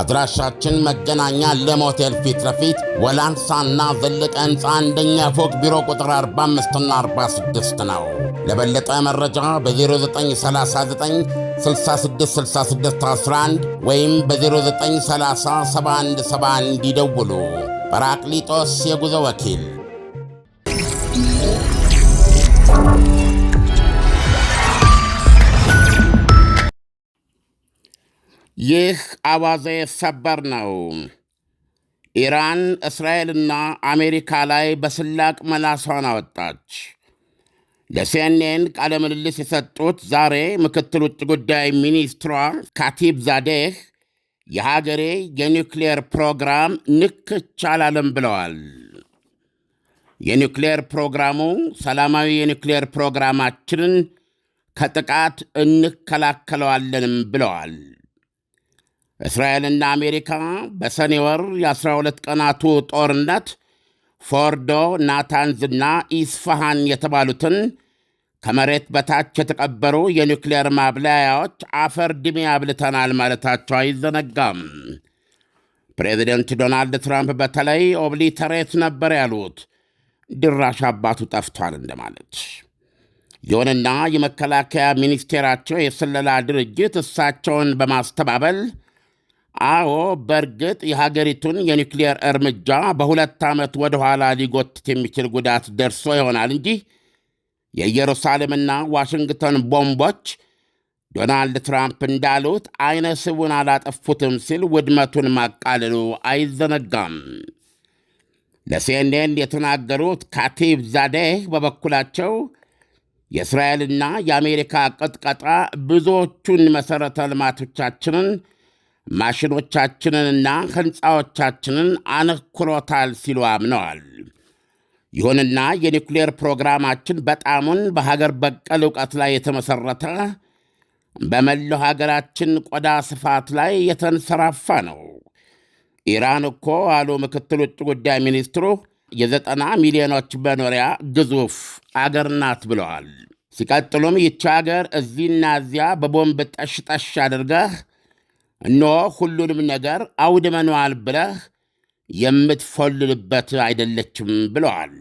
አድራሻችን መገናኛ ለሞቴል ፊት ለፊት ወላንሳና ዘለቀ ህንፃ አንደኛ ፎቅ ቢሮ ቁጥር 45ና 46 ነው። ለበለጠ መረጃ በ0939 666611 ወይም በ 0937171 ይደውሉ። ጰራቅሊጦስ የጉዞ ወኪል ይህ አዋዜ ሰበር ነው። ኢራን እስራኤልና አሜሪካ ላይ በስላቅ መላሷን አወጣች። ለሲኤንኤን ቃለ ምልልስ የሰጡት ዛሬ ምክትል ውጭ ጉዳይ ሚኒስትሯ ካቲብ ዛዴህ የሀገሬ የኒውክሌር ፕሮግራም ንክች አላለም ብለዋል። የኒውክሌር ፕሮግራሙ ሰላማዊ የኒውክሌር ፕሮግራማችንን ከጥቃት እንከላከለዋለንም ብለዋል። እስራኤልና አሜሪካ በሰኔ ወር የ12 ቀናቱ ጦርነት ፎርዶ፣ ናታንዝና ኢስፋሃን የተባሉትን ከመሬት በታች የተቀበሩ የኒውክሌር ማብላያዎች አፈር ድሜ አብልተናል ማለታቸው አይዘነጋም። ፕሬዚደንት ዶናልድ ትራምፕ በተለይ ኦብሊተሬት ነበር ያሉት፣ ድራሽ አባቱ ጠፍቷል እንደማለት። ይሁንና የመከላከያ ሚኒስቴራቸው የስለላ ድርጅት እሳቸውን በማስተባበል አዎ በእርግጥ የሀገሪቱን የኒክሌር እርምጃ በሁለት ዓመት ወደ ኋላ ሊጎትት የሚችል ጉዳት ደርሶ ይሆናል እንጂ የኢየሩሳሌምና ዋሽንግተን ቦምቦች ዶናልድ ትራምፕ እንዳሉት ዐይነ ስቡን አላጠፉትም ሲል ውድመቱን ማቃለሉ አይዘነጋም። ለሲኤንኤን የተናገሩት ካቲብ ዛዴህ በበኩላቸው የእስራኤልና የአሜሪካ ቅጥቀጣ ብዙዎቹን መሠረተ ልማቶቻችንን ማሽኖቻችንንና ሕንፃዎቻችንን አነክሮታል ሲሉ አምነዋል። ይሁንና የኒውክሌር ፕሮግራማችን በጣሙን በሀገር በቀል እውቀት ላይ የተመሠረተ በመላው ሀገራችን ቆዳ ስፋት ላይ የተንሰራፋ ነው። ኢራን እኮ አሉ ምክትል ውጭ ጉዳይ ሚኒስትሩ የዘጠና ሚሊዮኖች መኖሪያ ግዙፍ አገር ናት ብለዋል። ሲቀጥሉም ይቺ አገር እዚህና እዚያ በቦምብ ጠሽጠሽ አድርገህ እነሆ ሁሉንም ነገር አውድመነዋል ብለህ የምትፎልልበት አይደለችም ብለዋል።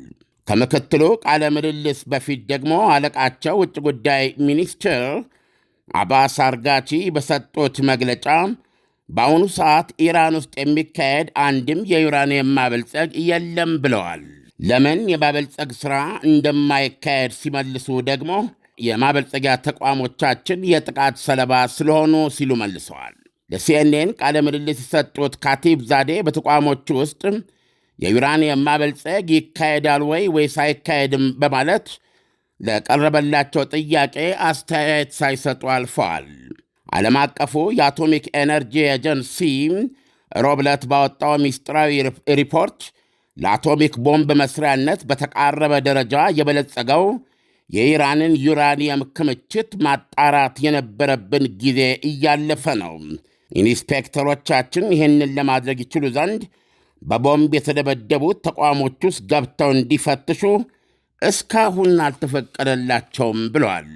ከምክትሉ ቃለ ምልልስ በፊት ደግሞ አለቃቸው ውጭ ጉዳይ ሚኒስትር አባስ አርጋቺ በሰጡት መግለጫ በአሁኑ ሰዓት ኢራን ውስጥ የሚካሄድ አንድም የዩራኒየም ማበልጸግ የለም ብለዋል። ለምን የማበልጸግ ሥራ እንደማይካሄድ ሲመልሱ ደግሞ የማበልጸጊያ ተቋሞቻችን የጥቃት ሰለባ ስለሆኑ ሲሉ መልሰዋል። ለሲኤንኤን ቃለ ምልልስ የሰጡት ካቲብ ዛዴ በተቋሞቹ ውስጥ የዩራኒየም ማበልጸግ ይካሄዳል ወይ ወይስ አይካሄድም በማለት ለቀረበላቸው ጥያቄ አስተያየት ሳይሰጡ አልፈዋል። ዓለም አቀፉ የአቶሚክ ኤነርጂ ኤጀንሲ ሮብለት ባወጣው ሚስጢራዊ ሪፖርት ለአቶሚክ ቦምብ መስሪያነት በተቃረበ ደረጃ የበለጸገው የኢራንን ዩራኒየም ክምችት ማጣራት የነበረብን ጊዜ እያለፈ ነው። ኢንስፔክተሮቻችን ይህንን ለማድረግ ይችሉ ዘንድ በቦምብ የተደበደቡት ተቋሞች ውስጥ ገብተው እንዲፈትሹ እስካሁን አልተፈቀደላቸውም ብለዋል።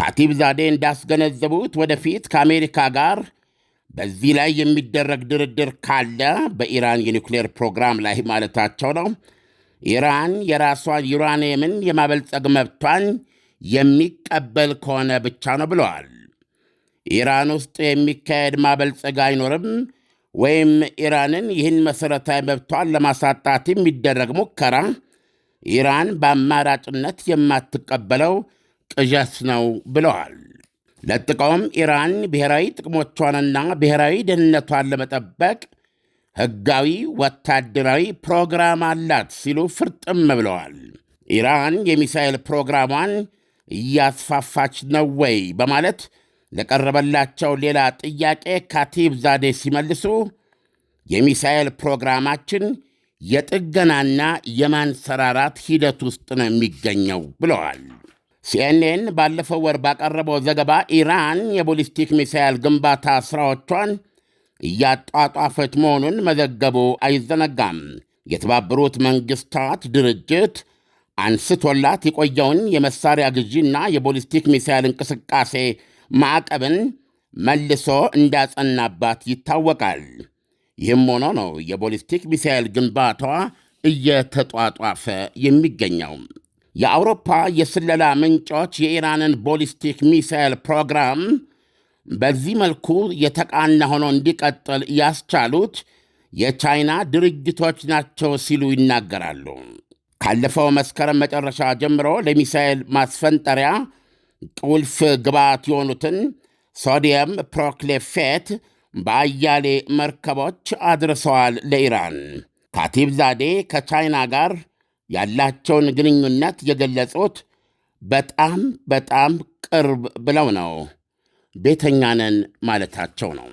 ካቲብ ዛዴ እንዳስገነዘቡት ወደፊት ከአሜሪካ ጋር በዚህ ላይ የሚደረግ ድርድር ካለ በኢራን የኒውክሌር ፕሮግራም ላይ ማለታቸው ነው። ኢራን የራሷን ዩራኒየምን የማበልጸግ መብቷን የሚቀበል ከሆነ ብቻ ነው ብለዋል። ኢራን ውስጥ የሚካሄድ ማበልጸግ አይኖርም ወይም ኢራንን ይህን መሠረታዊ መብቷን ለማሳጣት የሚደረግ ሙከራ ኢራን በአማራጭነት የማትቀበለው ቅዠት ነው ብለዋል። ለጥቀውም ኢራን ብሔራዊ ጥቅሞቿንና ብሔራዊ ደህንነቷን ለመጠበቅ ሕጋዊ ወታደራዊ ፕሮግራም አላት ሲሉ ፍርጥም ብለዋል። ኢራን የሚሳኤል ፕሮግራሟን እያስፋፋች ነው ወይ በማለት ለቀረበላቸው ሌላ ጥያቄ ካቲብ ዛዴ ሲመልሱ የሚሳኤል ፕሮግራማችን የጥገናና የማንሰራራት ሂደት ውስጥ ነው የሚገኘው ብለዋል። ሲኤንኤን ባለፈው ወር ባቀረበው ዘገባ ኢራን የቦሊስቲክ ሚሳኤል ግንባታ ሥራዎቿን እያጧጧፈች መሆኑን መዘገቡ አይዘነጋም። የተባበሩት መንግሥታት ድርጅት አንስቶላት የቆየውን የመሳሪያ ግዢና የቦሊስቲክ ሚሳኤል እንቅስቃሴ ማዕቀብን መልሶ እንዳጸናባት ይታወቃል። ይህም ሆኖ ነው የቦሊስቲክ ሚሳኤል ግንባታዋ እየተጧጧፈ የሚገኘው። የአውሮፓ የስለላ ምንጮች የኢራንን ቦሊስቲክ ሚሳኤል ፕሮግራም በዚህ መልኩ የተቃና ሆኖ እንዲቀጥል ያስቻሉት የቻይና ድርጅቶች ናቸው ሲሉ ይናገራሉ። ካለፈው መስከረም መጨረሻ ጀምሮ ለሚሳኤል ማስፈንጠሪያ ቁልፍ ግብዓት የሆኑትን ሶዲየም ፕሮክሌፌት በአያሌ መርከቦች አድርሰዋል ለኢራን። ካቲብ ዛዴ ከቻይና ጋር ያላቸውን ግንኙነት የገለጹት በጣም በጣም ቅርብ ብለው ነው፣ ቤተኛነን ማለታቸው ነው።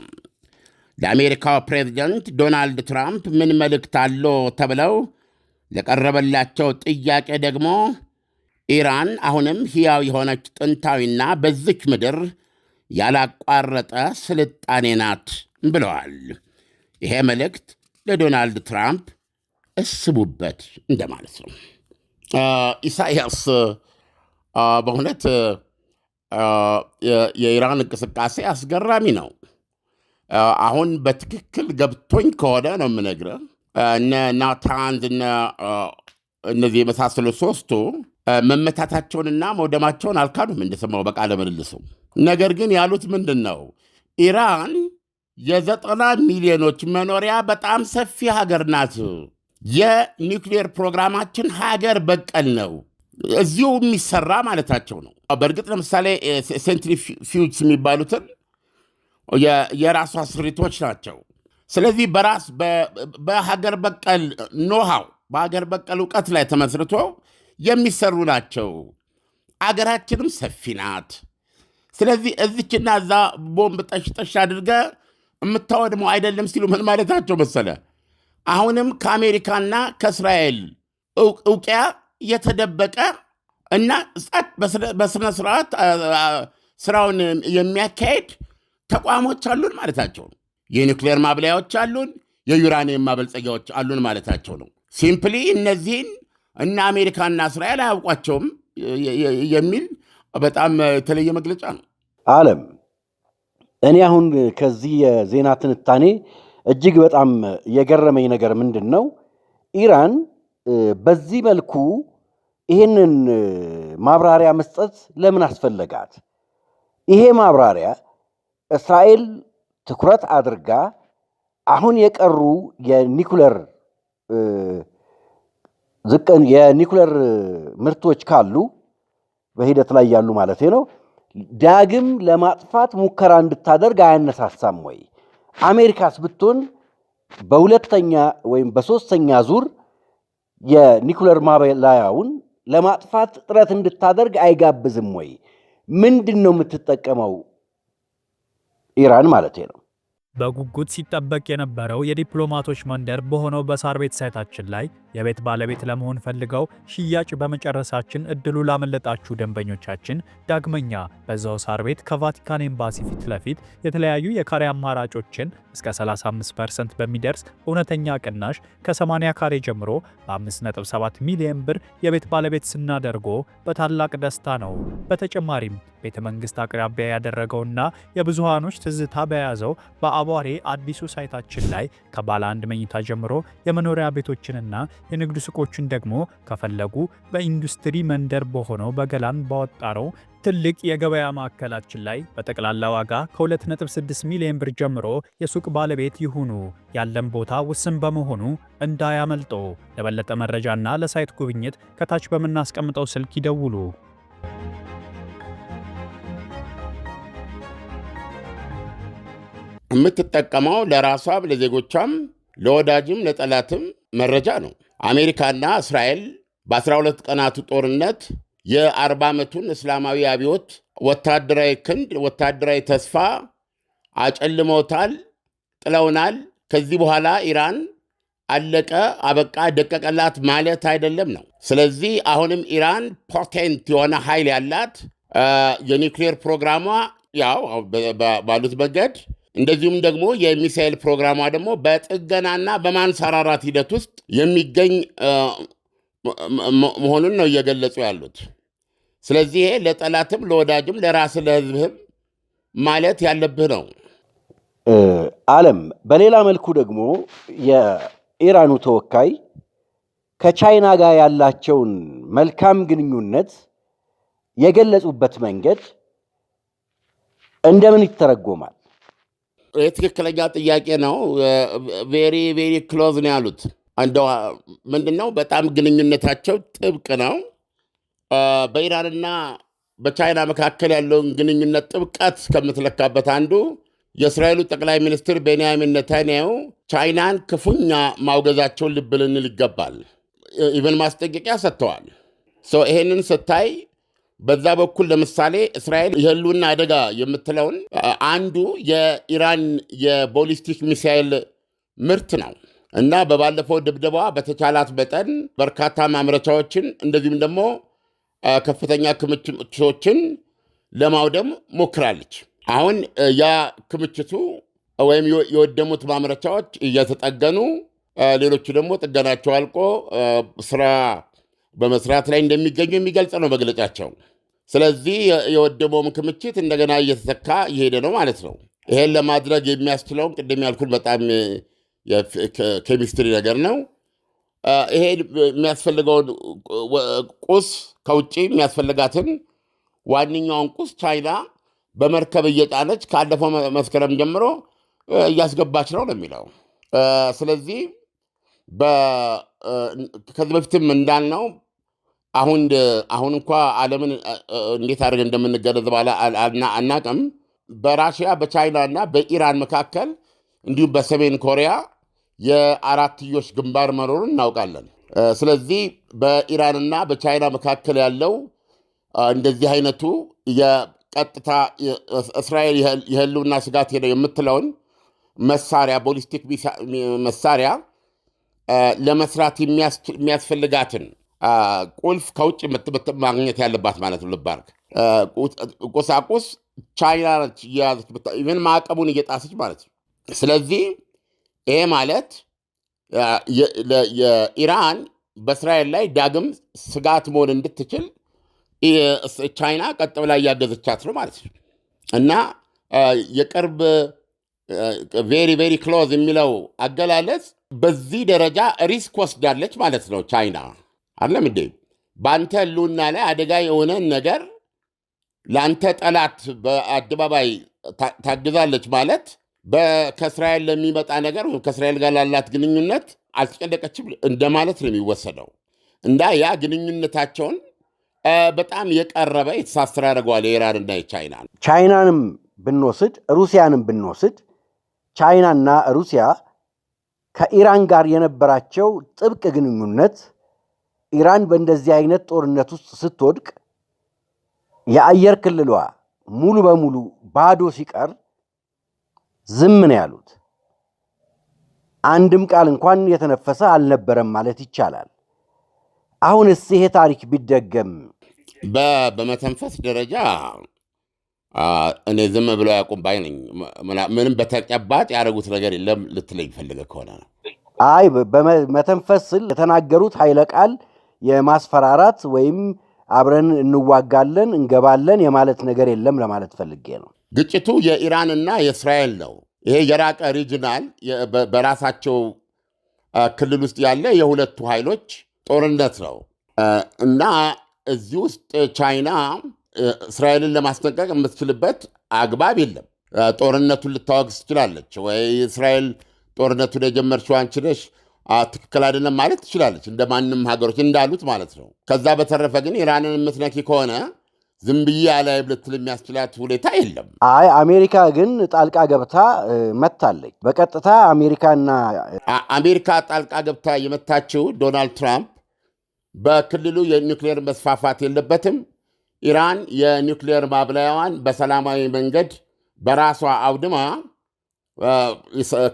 ለአሜሪካው ፕሬዚደንት ዶናልድ ትራምፕ ምን መልእክት አለው ተብለው ለቀረበላቸው ጥያቄ ደግሞ ኢራን አሁንም ሕያው የሆነች ጥንታዊና በዚች ምድር ያላቋረጠ ስልጣኔ ናት ብለዋል። ይሄ መልእክት ለዶናልድ ትራምፕ እስቡበት እንደማለት ነው። ኢሳያስ በእውነት የኢራን እንቅስቃሴ አስገራሚ ነው። አሁን በትክክል ገብቶኝ ከሆነ ነው የምነግረ እነ ናታንዝ እነዚህ የመሳሰሉ ሶስቱ መመታታቸውንና መውደማቸውን አልካዱም እንደሰማው በቃለ ምልልሱ። ነገር ግን ያሉት ምንድን ነው? ኢራን የዘጠና ሚሊዮኖች መኖሪያ በጣም ሰፊ ሀገር ናት። የኒውክሌር ፕሮግራማችን ሀገር በቀል ነው፣ እዚሁ የሚሰራ ማለታቸው ነው። በእርግጥ ለምሳሌ ሴንትሪፊውጅስ የሚባሉትን የራሷ ስሪቶች ናቸው። ስለዚህ በራስ በሀገር በቀል ኖሃው በሀገር በቀል እውቀት ላይ ተመስርቶ የሚሰሩ ናቸው። አገራችንም ሰፊ ናት። ስለዚህ እዚችና እዛ ቦምብ ጠሽጠሽ አድርገ የምታወድመው አይደለም ሲሉ ምን ማለታቸው መሰለ? አሁንም ከአሜሪካና ከእስራኤል እውቅያ የተደበቀ እና ጸጥ በስነ ስርዓት ስራውን የሚያካሄድ ተቋሞች አሉን ማለታቸው ነው። የኒውክሌር ማብለያዎች አሉን፣ የዩራኒየም ማበልጸጊያዎች አሉን ማለታቸው ነው። ሲምፕሊ እነዚህን እና አሜሪካና እስራኤል አያውቋቸውም የሚል በጣም የተለየ መግለጫ ነው። አለም እኔ አሁን ከዚህ የዜና ትንታኔ እጅግ በጣም የገረመኝ ነገር ምንድን ነው? ኢራን በዚህ መልኩ ይህንን ማብራሪያ መስጠት ለምን አስፈለጋት? ይሄ ማብራሪያ እስራኤል ትኩረት አድርጋ አሁን የቀሩ የኒኩለር ዝቅን የኒኩለር ምርቶች ካሉ በሂደት ላይ ያሉ ማለት ነው። ዳግም ለማጥፋት ሙከራ እንድታደርግ አያነሳሳም ወይ? አሜሪካስ ብትሆን በሁለተኛ ወይም በሶስተኛ ዙር የኒኩለር ማበላያውን ለማጥፋት ጥረት እንድታደርግ አይጋብዝም ወይ? ምንድን ነው የምትጠቀመው ኢራን ማለት ነው። በጉጉት ሲጠበቅ የነበረው የዲፕሎማቶች መንደር በሆነው በሳር ቤት ሳይታችን ላይ የቤት ባለቤት ለመሆን ፈልገው ሽያጭ በመጨረሳችን እድሉ ላመለጣችሁ ደንበኞቻችን ዳግመኛ በዛው ሳር ቤት ከቫቲካን ኤምባሲ ፊት ለፊት የተለያዩ የካሬ አማራጮችን እስከ 35% በሚደርስ እውነተኛ ቅናሽ ከ80 ካሬ ጀምሮ በ5.7 ሚሊዮን ብር የቤት ባለቤት ስናደርጎ በታላቅ ደስታ ነው። በተጨማሪም ቤተ መንግስት አቅራቢያ ያደረገውና የብዙሃኖች ትዝታ በያዘው በአቧሬ አዲሱ ሳይታችን ላይ ከባለ አንድ መኝታ ጀምሮ የመኖሪያ ቤቶችንና የንግድ ሱቆችን ደግሞ ከፈለጉ በኢንዱስትሪ መንደር በሆነው በገላን ባወጣነው ትልቅ የገበያ ማዕከላችን ላይ በጠቅላላ ዋጋ ከ2.6 ሚሊዮን ብር ጀምሮ የሱቅ ባለቤት ይሁኑ። ያለን ቦታ ውስን በመሆኑ እንዳያመልጦ። ለበለጠ መረጃና ለሳይት ጉብኝት ከታች በምናስቀምጠው ስልክ ይደውሉ። የምትጠቀመው ለራሷም ለዜጎቿም ለወዳጅም ለጠላትም መረጃ ነው። አሜሪካና እስራኤል በ12 ቀናቱ ጦርነት የ40 ዓመቱን እስላማዊ አብዮት ወታደራዊ ክንድ፣ ወታደራዊ ተስፋ አጨልመውታል፣ ጥለውናል። ከዚህ በኋላ ኢራን አለቀ፣ አበቃ፣ ደቀቀላት ማለት አይደለም ነው። ስለዚህ አሁንም ኢራን ፖቴንት የሆነ ኃይል ያላት የኒውክሌር ፕሮግራሟ ያው ባሉት መንገድ እንደዚሁም ደግሞ የሚሳኤል ፕሮግራሟ ደግሞ በጥገናና በማንሰራራት ሂደት ውስጥ የሚገኝ መሆኑን ነው እየገለጹ ያሉት። ስለዚህ ይሄ ለጠላትም ለወዳጅም ለራስ ለህዝብህም ማለት ያለብህ ነው። አለም በሌላ መልኩ ደግሞ የኢራኑ ተወካይ ከቻይና ጋር ያላቸውን መልካም ግንኙነት የገለጹበት መንገድ እንደምን ይተረጎማል? የትክክለኛ ጥያቄ ነው። ቬሪ ቬሪ ክሎዝ ነው ያሉት። እንደው ምንድን ነው በጣም ግንኙነታቸው ጥብቅ ነው። በኢራንና በቻይና መካከል ያለውን ግንኙነት ጥብቀት ከምትለካበት አንዱ የእስራኤሉ ጠቅላይ ሚኒስትር ቤንያሚን ኔታንያሁ ቻይናን ክፉኛ ማውገዛቸውን ልብ ልንል ይገባል። ኢቨን ማስጠንቀቂያ ሰጥተዋል። ይህንን ስታይ በዛ በኩል ለምሳሌ እስራኤል የህልውና አደጋ የምትለውን አንዱ የኢራን የቦሊስቲክ ሚሳይል ምርት ነው እና በባለፈው ድብደባ በተቻላት መጠን በርካታ ማምረቻዎችን እንደዚሁም ደግሞ ከፍተኛ ክምችቶችን ለማውደም ሞክራለች። አሁን ያ ክምችቱ ወይም የወደሙት ማምረቻዎች እየተጠገኑ ሌሎቹ ደግሞ ጥገናቸው አልቆ ስራ በመስራት ላይ እንደሚገኙ የሚገልጽ ነው መግለጫቸው። ስለዚህ የወደመውም ክምችት እንደገና እየተተካ እየሄደ ነው ማለት ነው። ይሄን ለማድረግ የሚያስችለውን ቅድም ያልኩት በጣም ኬሚስትሪ ነገር ነው። ይሄ የሚያስፈልገውን ቁስ ከውጭ የሚያስፈልጋትን ዋነኛውን ቁስ ቻይና በመርከብ እየጫነች ካለፈው መስከረም ጀምሮ እያስገባች ነው ነው የሚለው። ስለዚህ ከዚህ በፊትም እንዳልነው አሁን አሁን እንኳ ዓለምን እንዴት አድርገን እንደምንገነዘብ አናቅም። በራሽያ በቻይና እና በኢራን መካከል እንዲሁም በሰሜን ኮሪያ የአራትዮሽ ግንባር መኖሩን እናውቃለን። ስለዚህ በኢራንና በቻይና መካከል ያለው እንደዚህ አይነቱ የቀጥታ እስራኤል የህልውና ስጋት ነው የምትለውን መሳሪያ ቦሊስቲክ መሳሪያ ለመስራት የሚያስፈልጋትን ቁልፍ ከውጭ ማግኘት ያለባት ማለት ነው። ልባርግ ቁሳቁስ ቻይና ነች እያያዘች ምን ማዕቀቡን እየጣሰች ማለት ነው። ስለዚህ ይሄ ማለት የኢራን በእስራኤል ላይ ዳግም ስጋት መሆን እንድትችል ቻይና ቀጥ ብላ እያገዘቻት ነው ማለት ነው እና የቅርብ ቬሪ ቬሪ ክሎዝ የሚለው አገላለጽ በዚህ ደረጃ ሪስክ ወስዳለች ማለት ነው ቻይና። አለም እንዴ? በአንተ ህልውና ላይ አደጋ የሆነን ነገር ለአንተ ጠላት በአደባባይ ታግዛለች ማለት ከእስራኤል ለሚመጣ ነገር ወይም ከእስራኤል ጋር ላላት ግንኙነት አልተጨነቀችም እንደማለት ነው የሚወሰደው እና ያ ግንኙነታቸውን በጣም የቀረበ የተሳሰረ ያደርገዋል። የኢራንና የቻይና ቻይናንም ብንወስድ ሩሲያንም ብንወስድ ቻይናና ሩሲያ ከኢራን ጋር የነበራቸው ጥብቅ ግንኙነት ኢራን በእንደዚህ አይነት ጦርነት ውስጥ ስትወድቅ የአየር ክልሏ ሙሉ በሙሉ ባዶ ሲቀር ዝም ነው ያሉት። አንድም ቃል እንኳን የተነፈሰ አልነበረም ማለት ይቻላል። አሁንስ ይሄ ታሪክ ቢደገም በመተንፈስ ደረጃ እኔ ዝም ብለው ያቁም ባይ ነኝ። ምንም በተጨባጭ ያደረጉት ነገር የለም ልትለኝ ፈልገህ ከሆነ ነው። አይ በመተንፈስ ስል የተናገሩት ኃይለ ቃል የማስፈራራት ወይም አብረን እንዋጋለን እንገባለን የማለት ነገር የለም ለማለት ፈልጌ ነው። ግጭቱ የኢራንና የእስራኤል ነው። ይሄ የራቀ ሪጅናል በራሳቸው ክልል ውስጥ ያለ የሁለቱ ኃይሎች ጦርነት ነው እና እዚህ ውስጥ ቻይና እስራኤልን ለማስጠንቀቅ የምትችልበት አግባብ የለም። ጦርነቱን ልታወግዝ ትችላለች ወይ? እስራኤል ጦርነቱን የጀመርሽው አንቺ ነሽ ትክክል አይደለም ማለት ትችላለች፣ እንደ ማንም ሀገሮች እንዳሉት ማለት ነው። ከዛ በተረፈ ግን ኢራንን የምትነኪ ከሆነ ዝም ብዬ ላይ ብልትል የሚያስችላት ሁኔታ የለም። አይ አሜሪካ ግን ጣልቃ ገብታ መታለች በቀጥታ አሜሪካና አሜሪካ ጣልቃ ገብታ የመታችው ዶናልድ ትራምፕ በክልሉ የኒውክሌር መስፋፋት የለበትም ኢራን የኒውክሌር ማብላያዋን በሰላማዊ መንገድ በራሷ አውድማ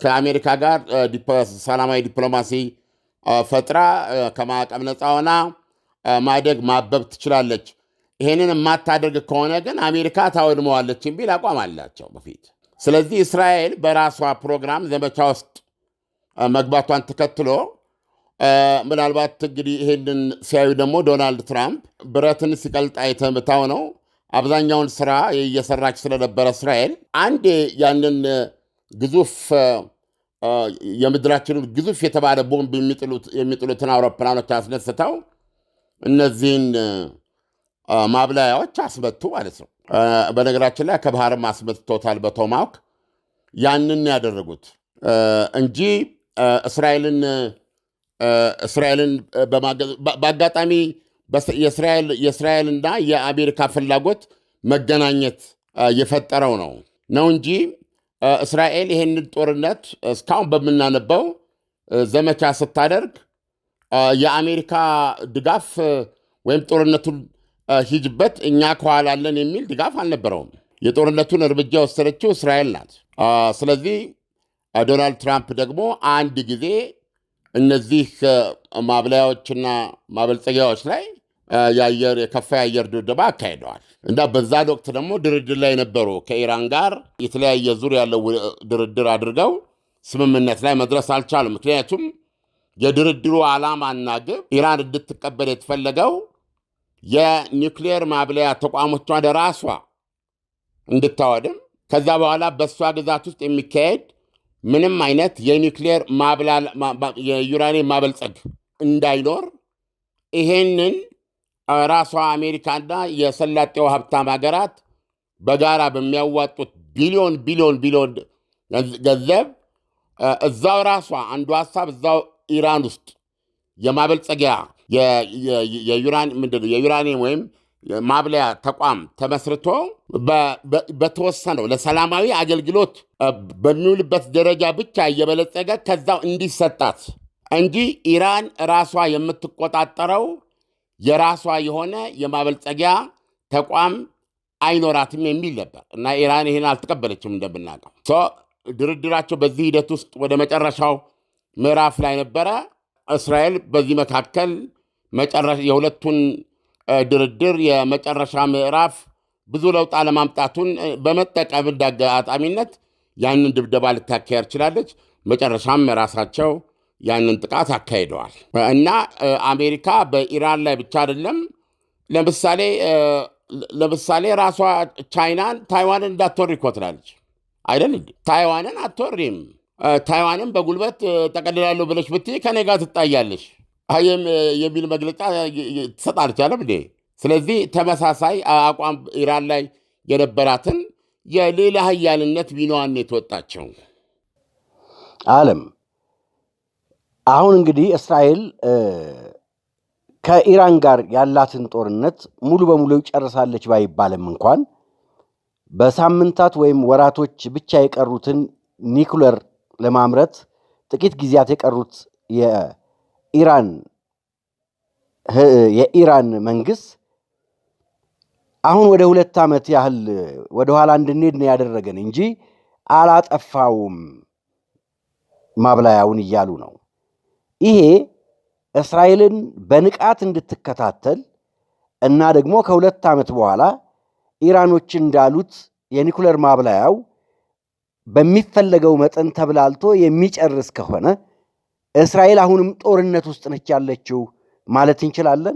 ከአሜሪካ ጋር ሰላማዊ ዲፕሎማሲ ፈጥራ ከማዕቀብ ነፃ ሆና ማደግ ማበብ ትችላለች። ይሄንን የማታደርግ ከሆነ ግን አሜሪካ ታወድመዋለች የሚል አቋም አላቸው በፊት። ስለዚህ እስራኤል በራሷ ፕሮግራም ዘመቻ ውስጥ መግባቷን ተከትሎ ምናልባት እንግዲህ ይሄንን ሲያዩ ደግሞ ዶናልድ ትራምፕ ብረትን ሲቀልጥ አይተህ ነው አብዛኛውን ስራ እየሰራች ስለነበረ እስራኤል አንዴ ያንን ግዙፍ የምድራችንን ግዙፍ የተባለ ቦምብ የሚጥሉትን አውሮፕላኖች አስነስተው እነዚህን ማብላያዎች አስመቱ ማለት ነው። በነገራችን ላይ ከባህርም አስመትቶታል በቶማሃውክ ያንን ያደረጉት እንጂ እስራኤልን እስራኤልን በአጋጣሚ የእስራኤልና የአሜሪካ ፍላጎት መገናኘት የፈጠረው ነው ነው እንጂ እስራኤል ይሄንን ጦርነት እስካሁን በምናነበው ዘመቻ ስታደርግ የአሜሪካ ድጋፍ ወይም ጦርነቱን ሂጅበት እኛ ከኋላለን የሚል ድጋፍ አልነበረውም። የጦርነቱን እርምጃ የወሰደችው እስራኤል ናት። ስለዚህ ዶናልድ ትራምፕ ደግሞ አንድ ጊዜ እነዚህ ማብለያዎችና ማበልጸጊያዎች ላይ የአየር የከፋ የአየር ድብደባ አካሂደዋል እና በዛን ወቅት ደግሞ ድርድር ላይ ነበሩ። ከኢራን ጋር የተለያየ ዙር ያለው ድርድር አድርገው ስምምነት ላይ መድረስ አልቻሉም። ምክንያቱም የድርድሩ ዓላማና ግብ ኢራን እንድትቀበል የተፈለገው የኒውክሌር ማብለያ ተቋሞቿ ራሷ እንድታወድም ከዛ በኋላ በእሷ ግዛት ውስጥ የሚካሄድ ምንም አይነት የኒውክሌር የዩራኒየም ማበልጸግ እንዳይኖር ይሄንን ራሷ አሜሪካና የሰላጤው ሀብታም ሀገራት በጋራ በሚያዋጡት ቢሊዮን ቢሊዮን ቢሊዮን ገንዘብ እዛው ራሷ አንዱ ሀሳብ እዛው ኢራን ውስጥ የማበልጸጊያ የዩራኒየም ወይም ማብለያ ተቋም ተመስርቶ በተወሰነው ለሰላማዊ አገልግሎት በሚውልበት ደረጃ ብቻ እየበለጸገ ከዛው እንዲሰጣት እንጂ ኢራን ራሷ የምትቆጣጠረው የራሷ የሆነ የማበልጸጊያ ተቋም አይኖራትም የሚል ነበር እና ኢራን ይህን አልተቀበለችም። እንደምናውቀው ድርድራቸው በዚህ ሂደት ውስጥ ወደ መጨረሻው ምዕራፍ ላይ ነበረ። እስራኤል በዚህ መካከል የሁለቱን ድርድር የመጨረሻ ምዕራፍ ብዙ ለውጥ አለማምጣቱን በመጠቀም አጋጣሚነት ያንን ድብደባ ልታካሄድ ችላለች። መጨረሻም ራሳቸው ያንን ጥቃት አካሂደዋል እና አሜሪካ በኢራን ላይ ብቻ አይደለም። ለምሳሌ ለምሳሌ ራሷ ቻይናን ታይዋንን እንዳትወር ይኮትላለች አይደል? ታይዋንን አትወሪም። ታይዋንን በጉልበት ጠቀልላለሁ ብለች ብት ከኔ ጋር ትጣያለች የሚል መግለጫ ትሰጣለች። አለም እንዴ! ስለዚህ ተመሳሳይ አቋም ኢራን ላይ የነበራትን የሌላ ሀያልነት ሚናዋን የተወጣቸው አለም አሁን እንግዲህ እስራኤል ከኢራን ጋር ያላትን ጦርነት ሙሉ በሙሉ ይጨርሳለች ባይባልም እንኳን በሳምንታት ወይም ወራቶች ብቻ የቀሩትን ኒኩለር ለማምረት ጥቂት ጊዜያት የቀሩት የኢራን የኢራን መንግስት አሁን ወደ ሁለት ዓመት ያህል ወደኋላ እንድንሄድ ነው ያደረገን እንጂ አላጠፋውም ማብላያውን እያሉ ነው። ይሄ እስራኤልን በንቃት እንድትከታተል እና ደግሞ ከሁለት ዓመት በኋላ ኢራኖች እንዳሉት የኒኩለር ማብላያው በሚፈለገው መጠን ተብላልቶ የሚጨርስ ከሆነ እስራኤል አሁንም ጦርነት ውስጥ ነች ያለችው ማለት እንችላለን።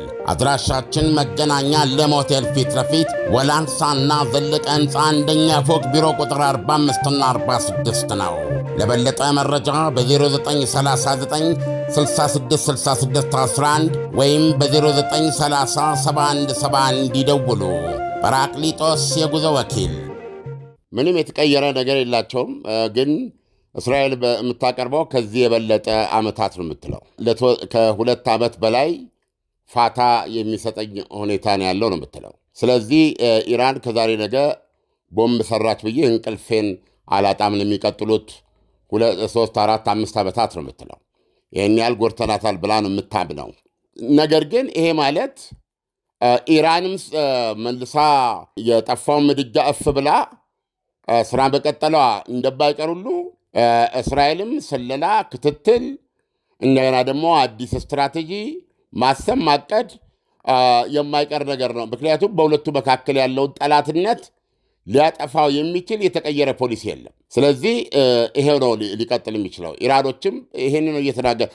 አድራሻችን መገናኛ ለሞቴል ፊት ለፊት ወላንሳና ዘለቀ ህንፃ አንደኛ ፎቅ ቢሮ ቁጥር 45 እና 46 ነው። ለበለጠ መረጃ በ0939 666611 ወይም በ 0937171 ይደውሉ። ጰራቅሊጦስ የጉዞ ወኪል። ምንም የተቀየረ ነገር የላቸውም ግን እስራኤል የምታቀርበው ከዚህ የበለጠ ዓመታት ነው የምትለው ከሁለት ዓመት በላይ ፋታ የሚሰጠኝ ሁኔታ ነው ያለው ነው የምትለው። ስለዚህ ኢራን ከዛሬ ነገ ቦምብ ሰራች ብዬ እንቅልፌን አላጣም የሚቀጥሉት ሶስት አራት አምስት ዓመታት ነው የምትለው። ይህን ያህል ጎርተናታል ብላ ነው የምታምነው። ነገር ግን ይሄ ማለት ኢራንም መልሳ የጠፋውን ምድጃ እፍ ብላ ስራ በቀጠለዋ እንደባይቀር ሁሉ እስራኤልም ስለላ፣ ክትትል እንደገና ደግሞ አዲስ ስትራቴጂ ማሰብ ማቀድ የማይቀር ነገር ነው። ምክንያቱም በሁለቱ መካከል ያለውን ጠላትነት ሊያጠፋው የሚችል የተቀየረ ፖሊሲ የለም። ስለዚህ ይሄ ነው ሊቀጥል የሚችለው። ኢራኖችም ይሄን ነው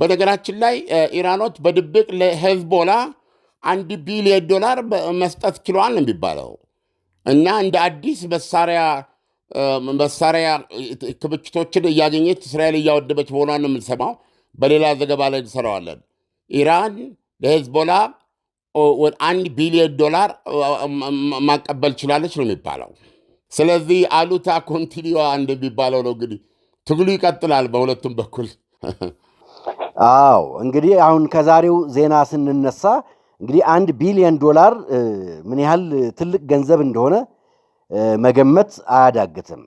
በነገራችን ላይ ኢራኖች በድብቅ ለሄዝቦላ አንድ ቢሊዮን ዶላር መስጠት ችሏል ነው የሚባለው እና እንደ አዲስ መሳሪያ መሳሪያ ክምችቶችን እያገኘች እስራኤል እያወደበች መሆኗን የምንሰማው። በሌላ ዘገባ ላይ እንሰራዋለን። ኢራን ለሄዝቦላ አንድ ቢሊዮን ዶላር ማቀበል ችላለች ነው የሚባለው። ስለዚህ አሉታ ኮንቲኒዋ እንደሚባለው ነው እንግዲህ ትግሉ ይቀጥላል በሁለቱም በኩል። አዎ እንግዲህ አሁን ከዛሬው ዜና ስንነሳ እንግዲህ አንድ ቢሊዮን ዶላር ምን ያህል ትልቅ ገንዘብ እንደሆነ መገመት አያዳግትም።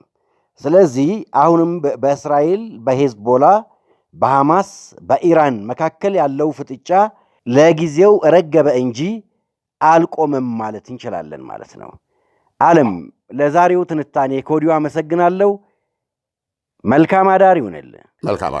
ስለዚህ አሁንም በእስራኤል በሄዝቦላ በሐማስ በኢራን መካከል ያለው ፍጥጫ ለጊዜው ረገበ እንጂ አልቆመም ማለት እንችላለን ማለት ነው። ዓለም ለዛሬው ትንታኔ ከወዲሁ አመሰግናለሁ። መልካም አዳር ይሆነል። መልካም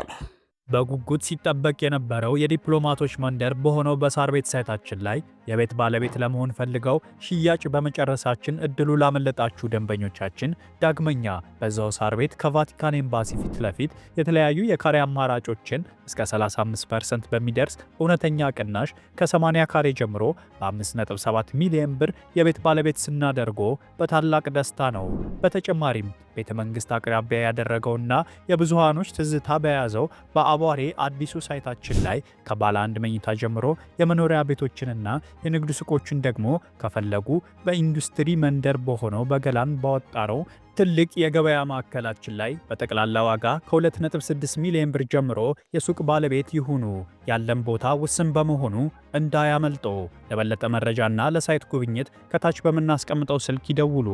በጉጉት ሲጠበቅ የነበረው የዲፕሎማቶች መንደር በሆነው በሳር ቤት ሳይታችን ላይ የቤት ባለቤት ለመሆን ፈልገው ሽያጭ በመጨረሳችን እድሉ ላመለጣችሁ ደንበኞቻችን ዳግመኛ በዛው ሳር ቤት ከቫቲካን ኤምባሲ ፊት ለፊት የተለያዩ የካሬ አማራጮችን እስከ 35% በሚደርስ እውነተኛ ቅናሽ ከ80 ካሬ ጀምሮ በ5.7 ሚሊዮን ብር የቤት ባለቤት ስናደርጎ በታላቅ ደስታ ነው። በተጨማሪም ቤተ መንግስት አቅራቢያ ያደረገውና የብዙሃኖች ትዝታ በያዘው በአቧሬ አዲሱ ሳይታችን ላይ ከባለ አንድ መኝታ ጀምሮ የመኖሪያ ቤቶችንና የንግድ ሱቆችን ደግሞ ከፈለጉ በኢንዱስትሪ መንደር በሆነው በገላን ባወጣረው ትልቅ የገበያ ማዕከላችን ላይ በጠቅላላ ዋጋ ከ2.6 ሚሊዮን ብር ጀምሮ የሱቅ ባለቤት ይሁኑ። ያለን ቦታ ውስን በመሆኑ እንዳያመልጦ። ለበለጠ መረጃና ለሳይት ጉብኝት ከታች በምናስቀምጠው ስልክ ይደውሉ።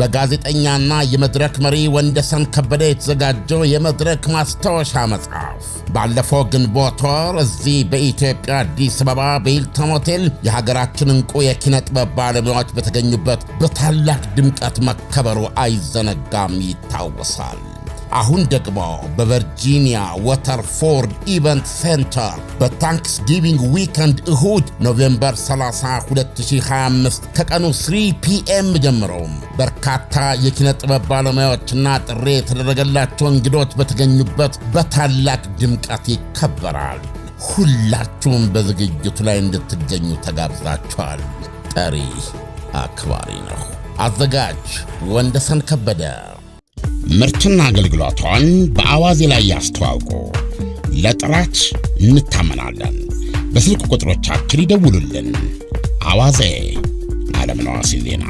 በጋዜጠኛና የመድረክ መሪ ወንደሰን ከበደ የተዘጋጀው የመድረክ ማስታወሻ መጽሐፍ ባለፈው ግንቦት ወር እዚህ በኢትዮጵያ አዲስ አበባ በሂልተን ሆቴል የሀገራችን እንቁ የኪነ ጥበብ ባለሙያዎች በተገኙበት በታላቅ ድምቀት መከበሩ አይዘነጋም፣ ይታወሳል። አሁን ደግሞ በቨርጂኒያ ወተርፎርድ ኢቨንት ሴንተር በታንክስጊቪንግ ዊከንድ እሁድ ኖቬምበር 30 2025 ከቀኑ 3 ፒኤም ጀምሮ በርካታ የኪነ ጥበብ ባለሙያዎችና ጥሪ የተደረገላቸው እንግዶች በተገኙበት በታላቅ ድምቀት ይከበራል። ሁላችሁም በዝግጅቱ ላይ እንድትገኙ ተጋብዛችኋል። ጠሪ አክባሪ ነው። አዘጋጅ ወንደሰን ከበደ ምርትና አገልግሎቷን በአዋዜ ላይ ያስተዋውቁ። ለጥራች እንታመናለን። በስልክ ቁጥሮቻችን ይደውሉልን። አዋዜ አለምነህ ዋሴ ዜና